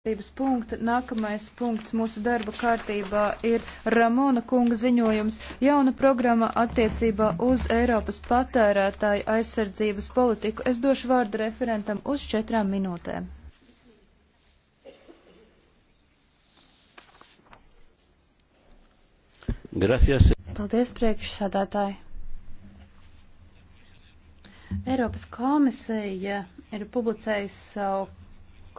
Kārtības punkta. Nākamais punkts mūsu darba kārtībā ir Ramona kunga ziņojums - jauna programma attiecībā uz Eiropas patērētāju aizsardzības politiku. Es došu vārdu referentam uz četrām minūtēm. Gracias. Paldies, priekšsādātāji. Eiropas komisija ir publicējusi savu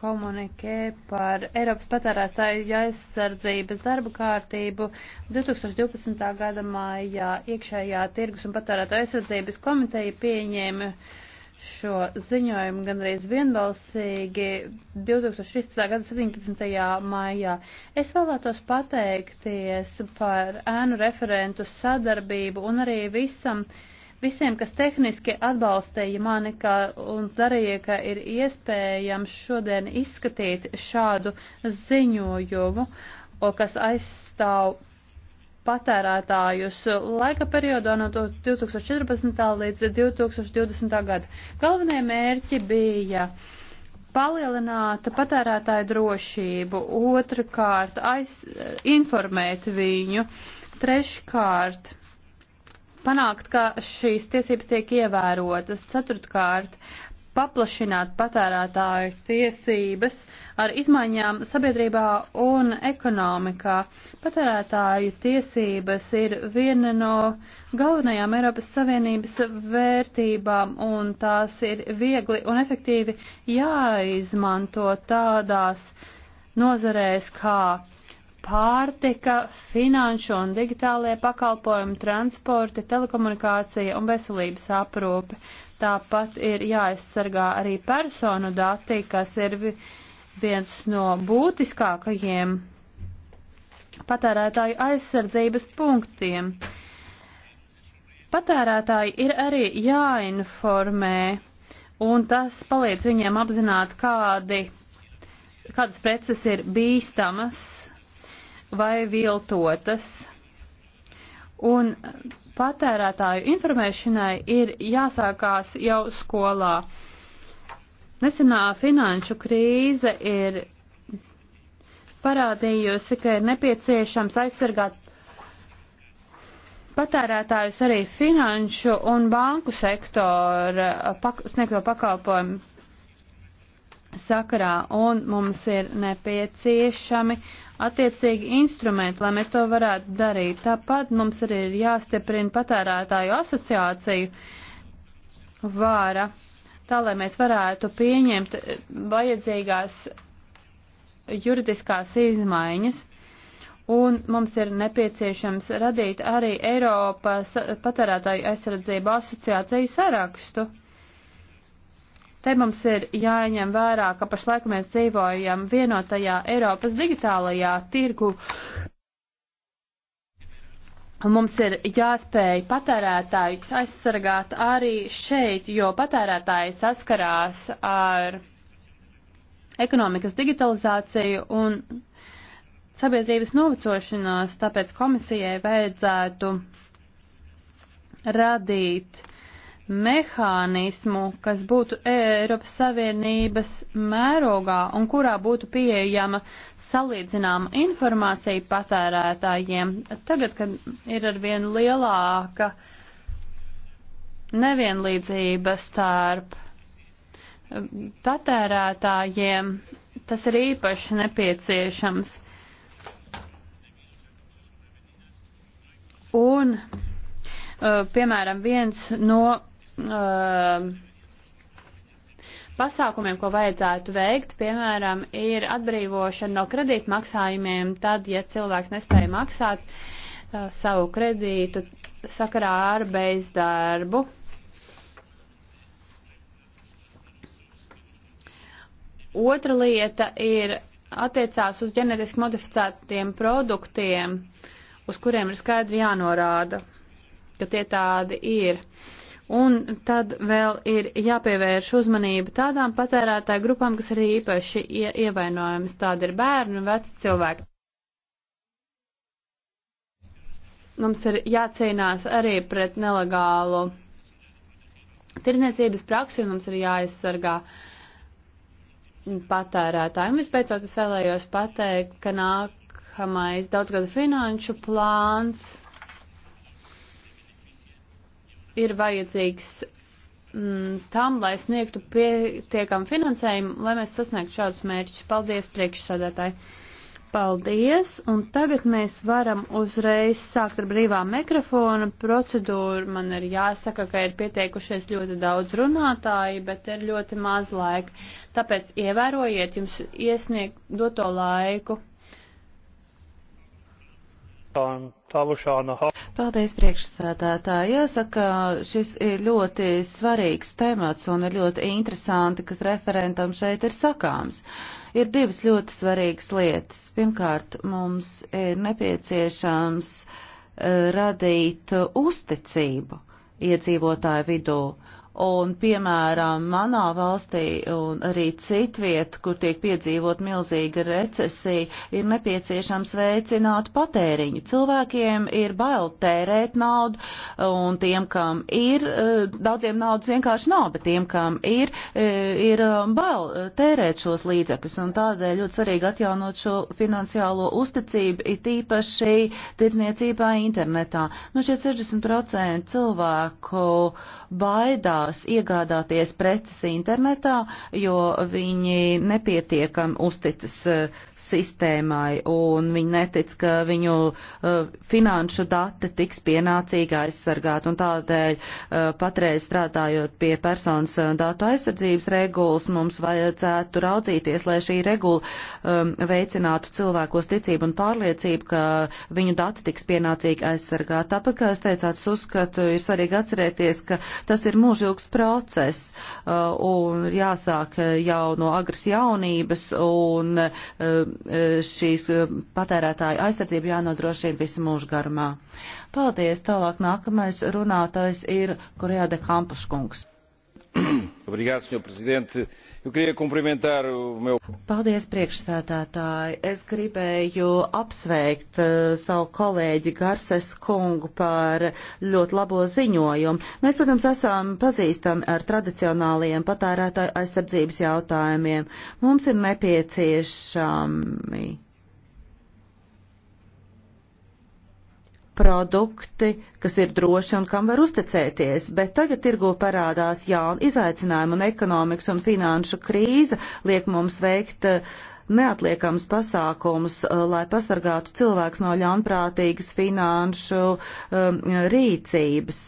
komunikē par Eiropas patērētāju aizsardzības darba kārtību 2012. gada mājā iekšējā tirgus un patērētāju aizsardzības komiteja pieņēma šo ziņojumu gandrīz vienbalsīgi 2013. gada 17. maijā. Es vēlētos pateikties par ēnu referentu sadarbību un arī visam uh, Visiem, kas tehniski atbalstīja mani kā, un darīja, ka ir iespējams šodien izskatīt šādu ziņojumu, kas aizstāv patērētājus laika periodā no 2014. līdz 2020. gada. Galvenie mērķi bija palielināt patērētāju drošību, otrkārt aiz, informēt viņu, treškārt panākt, ka šīs tiesības tiek ievērotas. Ceturtkārt, paplašināt patērētāju tiesības ar izmaiņām sabiedrībā un ekonomikā. Patērētāju tiesības ir viena no galvenajām Eiropas Savienības vērtībām, un tās ir viegli un efektīvi jāizmanto tādās nozarēs kā pārtika, finanšu un digitālie pakalpojumi, transporti, telekomunikācija un veselības aprūpe. Tāpat ir jāaizsargā arī personu dati, kas ir viens no būtiskākajiem patērētāju aizsardzības punktiem. Patērētāji ir arī jāinformē, un tas palīdz viņiem apzināt, kādi, kādas preces ir bīstamas vai viltotas. Un patērētāju informēšanai ir jāsākās jau skolā. Nesenā finanšu krīze ir parādījusi, ka ir nepieciešams aizsargāt patērētājus arī finanšu un banku sektora pak sniegto pakalpojumu sakarā, un mums ir nepieciešami attiecīgi instrumenti, lai mēs to varētu darīt. Tāpat mums arī ir jāstiprina patērētāju asociāciju vāra, tā lai mēs varētu pieņemt vajadzīgās juridiskās izmaiņas. Un mums ir nepieciešams radīt arī Eiropas patērētāju aizsardzību asociāciju sarakstu. Te mums ir jāņem vērā, ka pašlaik mēs dzīvojam vienotajā Eiropas digitālajā tirgu. Mums ir jāspēj patērētājus aizsargāt arī šeit, jo patērētāji saskarās ar ekonomikas digitalizāciju un sabiedrības novecošanos, tāpēc komisijai vajadzētu radīt mehānismu, kas būtu Eiropas Savienības mērogā un kurā būtu pieejama salīdzināma informācija patērētājiem. Tagad, kad ir arvien lielāka nevienlīdzība starp patērētājiem, tas ir īpaši nepieciešams. Un, uh, piemēram, viens no uh, pasākumiem, ko vajadzētu veikt, piemēram, ir atbrīvošana no kredītmaksājumiem, tad, ja cilvēks nespēja maksāt uh, savu kredītu sakarā ar bezdarbu. Otra lieta ir attiecās uz ģenetiski modificētiem produktiem, uz kuriem ir skaidri jānorāda, ka tie tādi ir. Uh, Un tad vēl ir jāpievērš uzmanība tādām patērētāju grupām, kas arī īpaši ie ievainojamas. Tāda ir bērni un veci cilvēki. Mums ir jācīnās arī pret nelegālu tirdzniecības praksi un mums ir jāaizsargā patērētāji. Un vispēcot es vēlējos pateikt, ka nākamais daudzgada finanšu plāns ir vajadzīgs mm, tam, lai sniegtu pietiekam finansējumu, lai mēs sasniegtu šādus mērķus. Paldies, priekšsādātāji! Paldies! Un tagad mēs varam uzreiz sākt ar brīvā mikrofona procedūru. Man ir jāsaka, ka ir pieteikušies ļoti daudz runātāji, bet ir ļoti maz laika. Tāpēc ievērojiet jums iesniegt doto laiku. Paldies, priekšsēdētāji. Jāsaka, šis ir ļoti svarīgs temats un ir ļoti interesanti, kas referentam šeit ir sakāms. Ir divas ļoti svarīgas lietas. Pirmkārt, mums ir nepieciešams eh, radīt uzticību iedzīvotāju vidū. Un, piemēram, manā valstī un arī citviet, kur tiek piedzīvot milzīga recesija, ir nepieciešams veicināt patēriņu. Cilvēkiem ir bail tērēt naudu, un tiem, kam ir, eh, daudziem naudas vienkārši nav, bet tiem, kam ir, eh, ir eh, bail tērēt šos līdzekļus. Un tādēļ ļoti svarīgi atjaunot šo finansiālo uzticību, it īpaši tirdzniecībā internetā. Nu, šie 60% cilvēku baidās nevēlas iegādāties preces internetā, jo viņi nepietiekam uzticas eh, sistēmai un viņi netic, ka viņu eh, finanšu dati tiks pienācīgi aizsargāt. Un tādēļ eh, patreiz strādājot pie personas datu aizsardzības regulas, mums vajadzētu raudzīties, lai šī regula veicinātu cilvēkos ticību un pārliecību, ka viņu dati tiks pienācīgi aizsargāt. Tāpat, kā es teicāt, uzskatu, ir svarīgi atcerēties, ka tas ir mūžu ilgs process uh, un jāsāk jau no agras jaunības un uh, šīs uh, patērētāja aizsardzība jānodrošina visu mūžu garumā. Paldies! Tālāk nākamais runātājs ir Korejā de Kampuskungs. Obrigado, Sr. Presidente. Eu queria cumprimentar o meu. Paldies, priekšsēdētāji. Es gribēju apsveikt uh, savu kolēģi Garses kungu par ļoti labo ziņojumu. Mēs, protams, esam pazīstami ar tradicionālajiem patērētāju aizsardzības jautājumiem. Mums ir nepieciešami. Um, produkti, kas ir droši un kam var uzticēties, bet tagad tirgu parādās jauni izaicinājumi un ekonomikas un finanšu krīze liek mums veikt eh, neatliekams pasākums, eh, lai pasargātu cilvēks no ļaunprātīgas finanšu um, rīcības.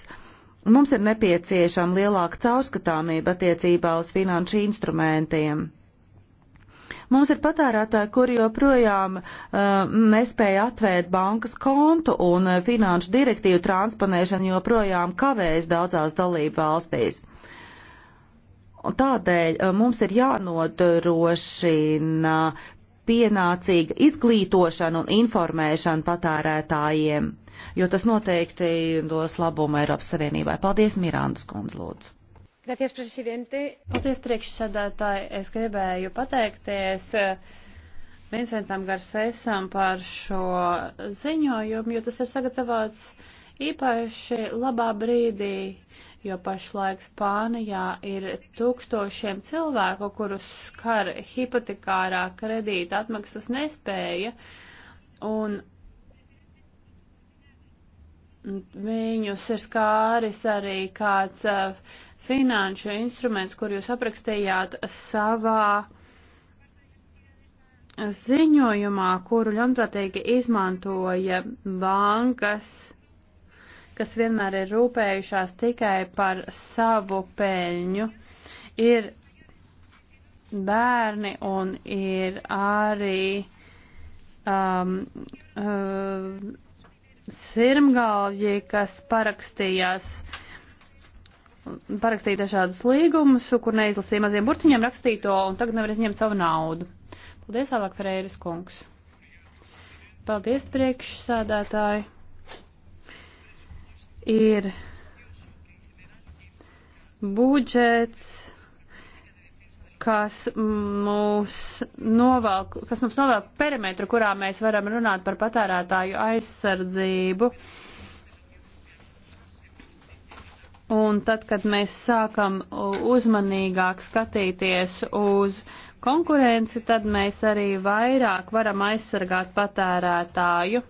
Mums ir nepieciešama lielāka caurskatāmība attiecībā uz finanšu instrumentiem. Mums ir patērētāji, kuri joprojām uh, nespēja atvērt bankas kontu un eh, finanšu direktīvu transponēšana joprojām kavējas daudzās dalību valstīs. Un tādēļ uh, mums ir jānodrošina pienācīga izglītošana un informēšana patērētājiem, jo tas noteikti dos labumu Eiropas Savienībai. Paldies, Mirandas kundz, lūdzu. Gracias, prezidente. Paldies, priekšsēdētāji. Es gribēju pateikties eh, Vincentam Garsēsam par šo ziņojumu, jo tas ir sagatavots īpaši labā brīdī, jo pašlaik Spānijā ir tūkstošiem cilvēku, kurus skar hipotekārā kredīta atmaksas nespēja, un viņus ir skāris arī kāds uh, finanšu instruments, kur jūs aprakstījāt savā ziņojumā, kuru ļaunprātīgi izmantoja bankas, kas vienmēr ir rūpējušās tikai par savu peļņu, ir bērni un ir arī um, uh, um, sirmgalvji, kas parakstījās uh, parakstīja dažādus līgumus, kur neizlasīja maziem burtiņiem rakstīto, un tagad nevar izņemt savu naudu. Paldies, Alāk Ferēras kungs. Paldies, priekšsēdētāji. Ir budžets, kas mūs novelk, kas mums novelk perimetru, kurā mēs varam runāt par patērētāju aizsardzību. Uh, Un tad, kad mēs sākam uzmanīgāk skatīties uz konkurenci, tad mēs arī vairāk varam aizsargāt patērētāju.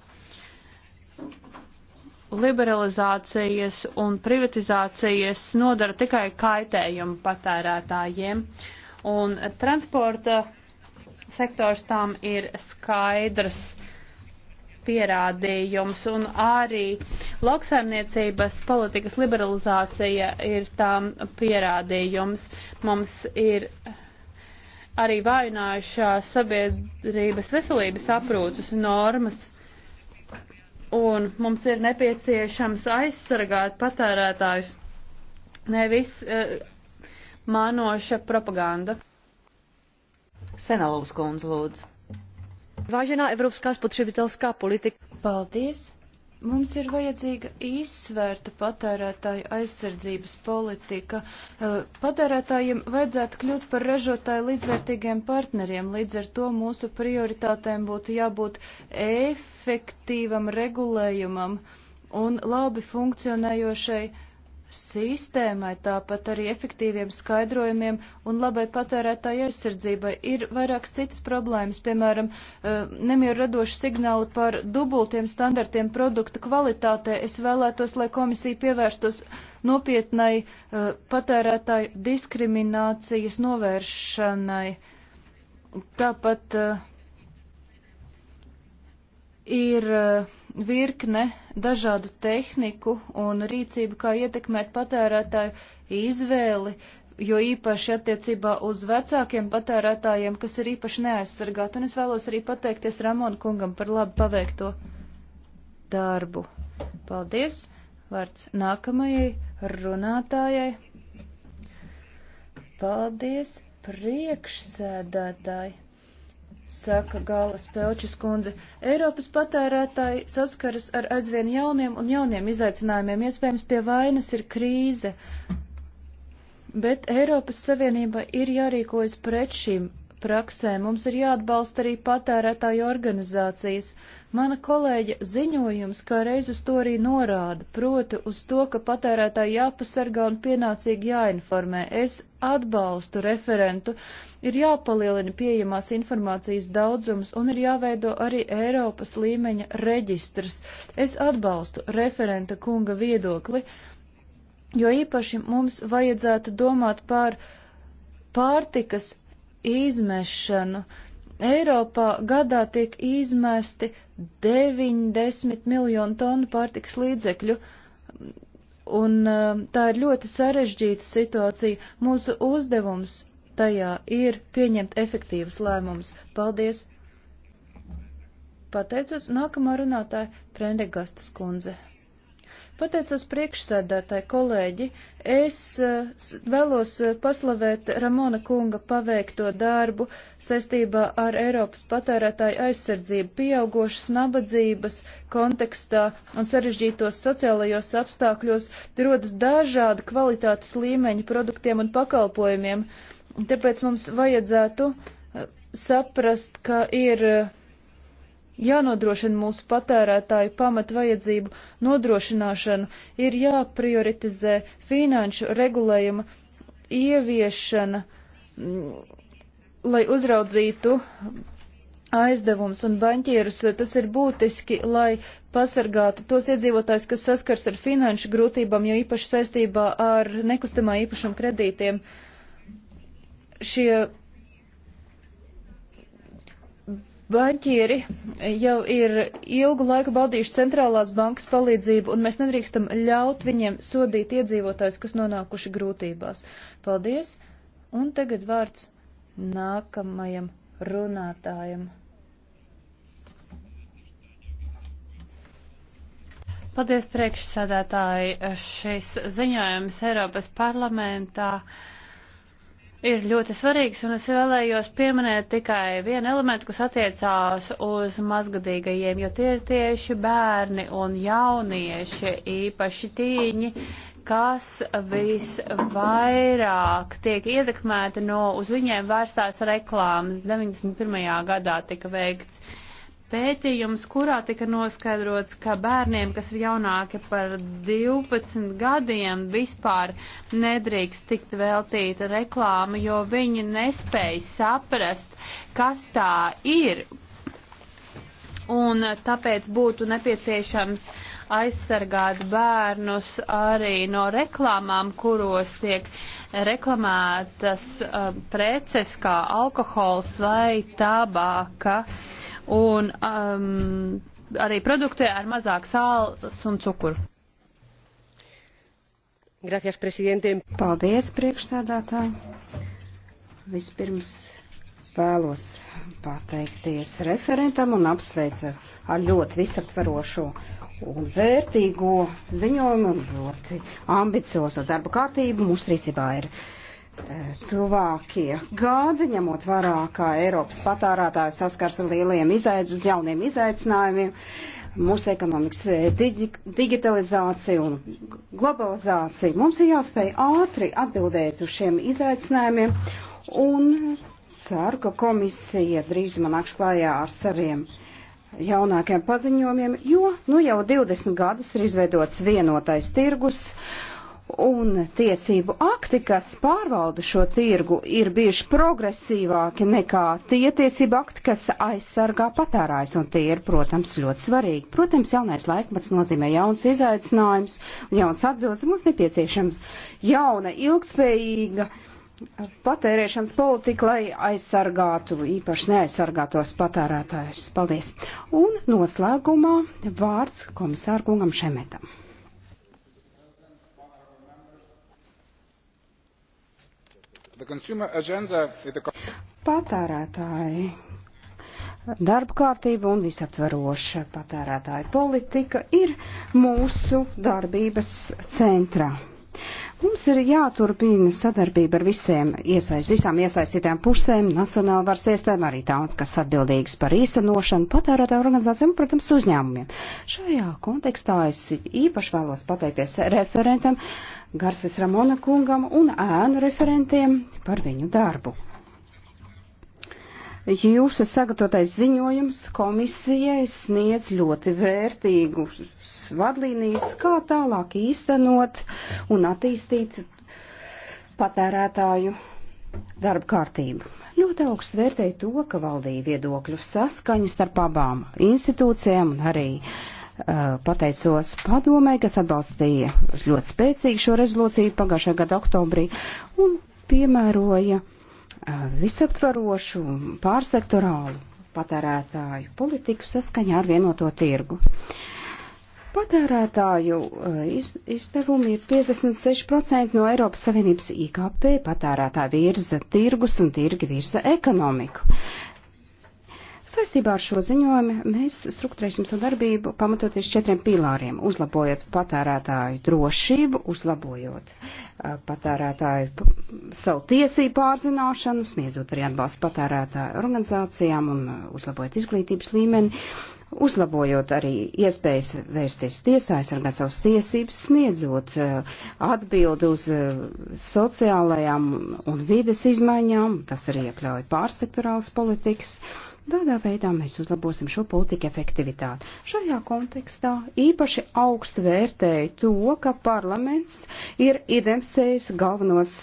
Liberalizācijas un privatizācijas nodara tikai kaitējumu patērētājiem. Un transporta sektors tam ir skaidrs pierādījums, un arī lauksaimniecības politikas liberalizācija ir tām pierādījums. Mums ir arī vājinājušās sabiedrības veselības aprūtas normas, un mums ir nepieciešams aizsargāt patērētājus, nevis uh, eh, mānoša propaganda. Senalovs kundze lūdzu. Vāženā Eiropas spotrebitelskā politika. Paldies! Mums ir vajadzīga izsvērta patērētāja aizsardzības politika. Eh, patērētājiem vajadzētu kļūt par ražotāju līdzvērtīgiem partneriem, līdz ar to mūsu prioritātēm būtu jābūt efektīvam regulējumam un labi funkcionējošai sistēmai, tāpat arī efektīviem skaidrojumiem un labai patērētāju aizsardzībai. Ir vairākas citas problēmas, piemēram, eh, nemieru radoši signāli par dubultiem standartiem produktu kvalitātē. Es vēlētos, lai komisija pievērstos nopietnai eh, patērētāju diskriminācijas novēršanai. Tāpat eh, ir. Uh, virkne dažādu tehniku un rīcību, kā ietekmēt patērētāju izvēli, jo īpaši attiecībā uz vecākiem patērētājiem, kas ir īpaši neaizsargāti. Un es vēlos arī pateikties Ramona kungam par labi paveikto darbu. Paldies! Vārds nākamajai runātājai. Paldies, priekšsēdētāji! saka Gālas Pelčis kundze, Eiropas patērētāji saskaras ar aizvien jauniem un jauniem izaicinājumiem. Iespējams, pie vainas ir krīze, bet Eiropas Savienība ir jārīkojas pret šīm praksē. Mums ir jāatbalsta arī patērētāju organizācijas. Mana kolēģa ziņojums kā reiz uz to arī norāda, proti uz to, ka patērētāji jāpasargā un pienācīgi jāinformē. Es atbalstu referentu, ir jāpalielina pieejamās informācijas daudzums un ir jāveido arī Eiropas līmeņa reģistrs. Es atbalstu referenta kunga viedokli, jo īpaši mums vajadzētu domāt par pārtikas izmešanu. Eiropā gadā tiek izmesti 90 miljonu tonu pārtiks līdzekļu, un e, tā ir ļoti sarežģīta situācija. Mūsu uzdevums tajā ir pieņemt efektīvus lēmumus. Paldies! Pateicos nākamā runātāja Prendegastas kundze. Pateicos priekšsēdētāji kolēģi, es eh, vēlos eh, paslavēt Ramona kunga paveikto darbu saistībā ar Eiropas patērētāju aizsardzību pieaugošas nabadzības kontekstā un sarežģītos sociālajos apstākļos rodas dažādi kvalitātes līmeņi produktiem un pakalpojumiem. Tāpēc mums vajadzētu eh, saprast, ka ir jānodrošina mūsu patērētāju pamatvajadzību nodrošināšana, ir jāprioritizē finanšu regulējuma ieviešana, mm, lai uzraudzītu aizdevums un baņķierus. Tas ir būtiski, lai pasargātu tos iedzīvotājs, kas saskars ar finanšu grūtībām, jo īpaši saistībā ar nekustamā īpašuma kredītiem. Šie Baņķieri jau ir ilgu laiku baudījuši centrālās bankas palīdzību, un mēs nedrīkstam ļaut viņiem sodīt iedzīvotājus, kas nonākuši grūtībās. Paldies! Un tagad vārds nākamajam runātājam. Paldies, priekšsēdētāji! Šis ziņojums Eiropas parlamentā. Uh, ir ļoti svarīgs, un es vēlējos pieminēt tikai vienu elementu, kas attiecās uz mazgadīgajiem, jo tie ir tieši bērni un jaunieši, īpaši tīņi, kas visvairāk tiek ietekmēti no uz viņiem vērstās reklāmas. 91. gadā tika veikts pētījums, kurā tika noskaidrots, ka bērniem, kas ir jaunāki par 12 gadiem, vispār nedrīkst tikt veltīta reklāma, jo viņi nespēja saprast, kas tā ir. Un tāpēc būtu nepieciešams aizsargāt bērnus arī no reklāmām, kuros tiek reklamētas uh, preces kā alkohols vai tabāka. Uh, un um, arī produkti ar mazāk sāls un cukuru. Gracias, presidente. Paldies, priekšsēdātāji. Vispirms vēlos pateikties referentam un apsveicu ar ļoti visaptverošo un vērtīgo ziņojumu un ļoti ambiciozo darba kārtību. Mūsu rīcībā ir tuvākie gadi, ņemot vērā, kā Eiropas patārātāji saskars ar lieliem izaicinājumiem, jauniem izaicinājumiem, mūsu ekonomikas e, digi digitalizācija un globalizācija. Mums ir jāspēj ātri atbildēt uz šiem izaicinājumiem un ceru, ka komisija drīz man nāks klājā ar saviem jaunākiem paziņojumiem, jo nu jau 20 gadus ir izveidots vienotais tirgus. Uh, un tiesību akti, kas pārvalda šo tirgu, ir bijuši progresīvāki nekā tie tiesību akti, kas aizsargā patērājs, un tie ir, protams, ļoti svarīgi. Protams, jaunais laikmats nozīmē jauns izaicinājums un jauns atbildes. Mums nepieciešams jauna, ilgspējīga patērēšanas politika, lai aizsargātu īpaši neaizsargātos patērētājus. Paldies! Un noslēgumā vārds komisārkungam Šemetam. Patērētāji darba kārtība un visaptvaroša patērētāja politika ir mūsu darbības centrā. Mums ir jāturpina sadarbība ar visiem iesaist, visām iesaistītām pusēm, nacionāla varas iestēm, arī tām, kas atbildīgas par īstenošanu, patērētāju organizācijām un, protams, uzņēmumiem. Šajā kontekstā es īpaši vēlos pateikties referentam Garces Ramona kungam un ēnu referentiem par viņu darbu. Jūsu sagatavotais ziņojums komisijai sniedz ļoti vērtīgus vadlīnijas, kā tālāk īstenot un attīstīt patērētāju darba kārtību. Ļoti augstu vērtēju to, ka valdīja viedokļu saskaņa starp abām institūcijām un arī uh, pateicos padomē, kas atbalstīja ļoti spēcīgi šo rezolūciju pagājušā gada oktobrī un piemēroja uh, Eh, visaptvarošu, pārsektorālu patērētāju politiku saskaņā ar vienoto tirgu. Patērētāju eh, iz, izdevumi ir 56% no Eiropas Savienības IKP, patērētāji virza tirgus un tirgi virza ekonomiku. Saistībā ar šo ziņojumu mēs struktūrēsim sadarbību pamatoties četriem pīlāriem - uzlabojot patērētāju drošību, uzlabojot uh, patērētāju savu tiesību pārzināšanu, sniedzot arī atbalstu patērētāju organizācijām un uzlabojot izglītības līmeni, uzlabojot arī iespējas vērsties tiesā, aizsargāt savas tiesības, sniedzot eh, atbildi uz eh, sociālajām un vides izmaiņām, tas arī iekļauj pārsektorālas politikas. Tādā veidā mēs uzlabosim šo politiku efektivitāti. Šajā kontekstā īpaši augstu vērtēju to, ka parlaments ir identificējis galvenos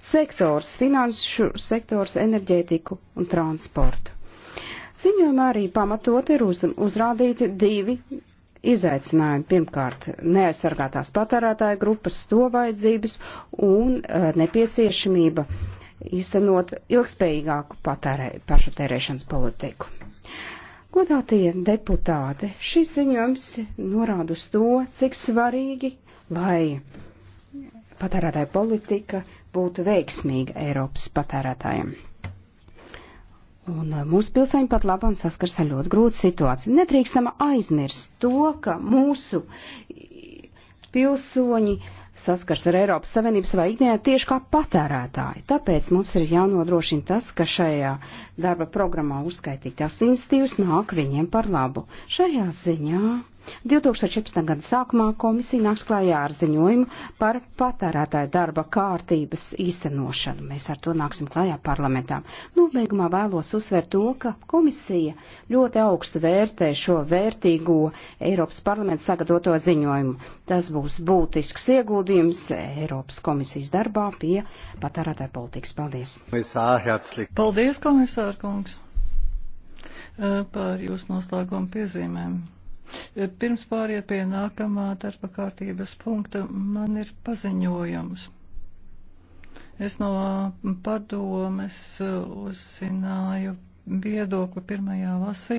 sektors - finanšu sektors, enerģētiku un transportu. Ziņojumā arī pamatot ir uz, uzrādīti divi izaicinājumi. Pirmkārt, neaizsargātās patērētāja grupas, to vajadzības un uh, nepieciešamība īstenot ilgspējīgāku patērēšanas politiku. Godātie deputāti, šis ziņojums norāda uz to, cik svarīgi, lai patērētāja politika būtu veiksmīga Eiropas patērētājiem. Un eh, mūsu pilsoņi pat labam saskars ar ļoti grūtu situāciju. Nedrīkstam aizmirst to, ka mūsu pilsoņi saskars ar Eiropas Savienības savā ikdienā tieši kā patērētāji. Tāpēc mums ir jānodrošina tas, ka šajā darba programmā uzskaitītās institīvas nāk viņiem par labu. Šajā ziņā 2014. gada sākumā komisija nāks klājā ar ziņojumu par patērētāju darba kārtības īstenošanu. Mēs ar to nāksim klājā parlamentām. Nobeigumā vēlos uzsvērt to, ka komisija ļoti augstu vērtē šo vērtīgo Eiropas parlamentu sagatavoto ziņojumu. Tas būs būtisks ieguldījums Eiropas komisijas darbā pie patērētāju politikas. Paldies! Paldies, komisārkungs, eh, par jūsu noslēgumu piezīmēm. Pirms pāriet pie nākamā darba kārtības punkta, man ir paziņojums. Es no padomes uzzināju viedokli pirmajā lasī.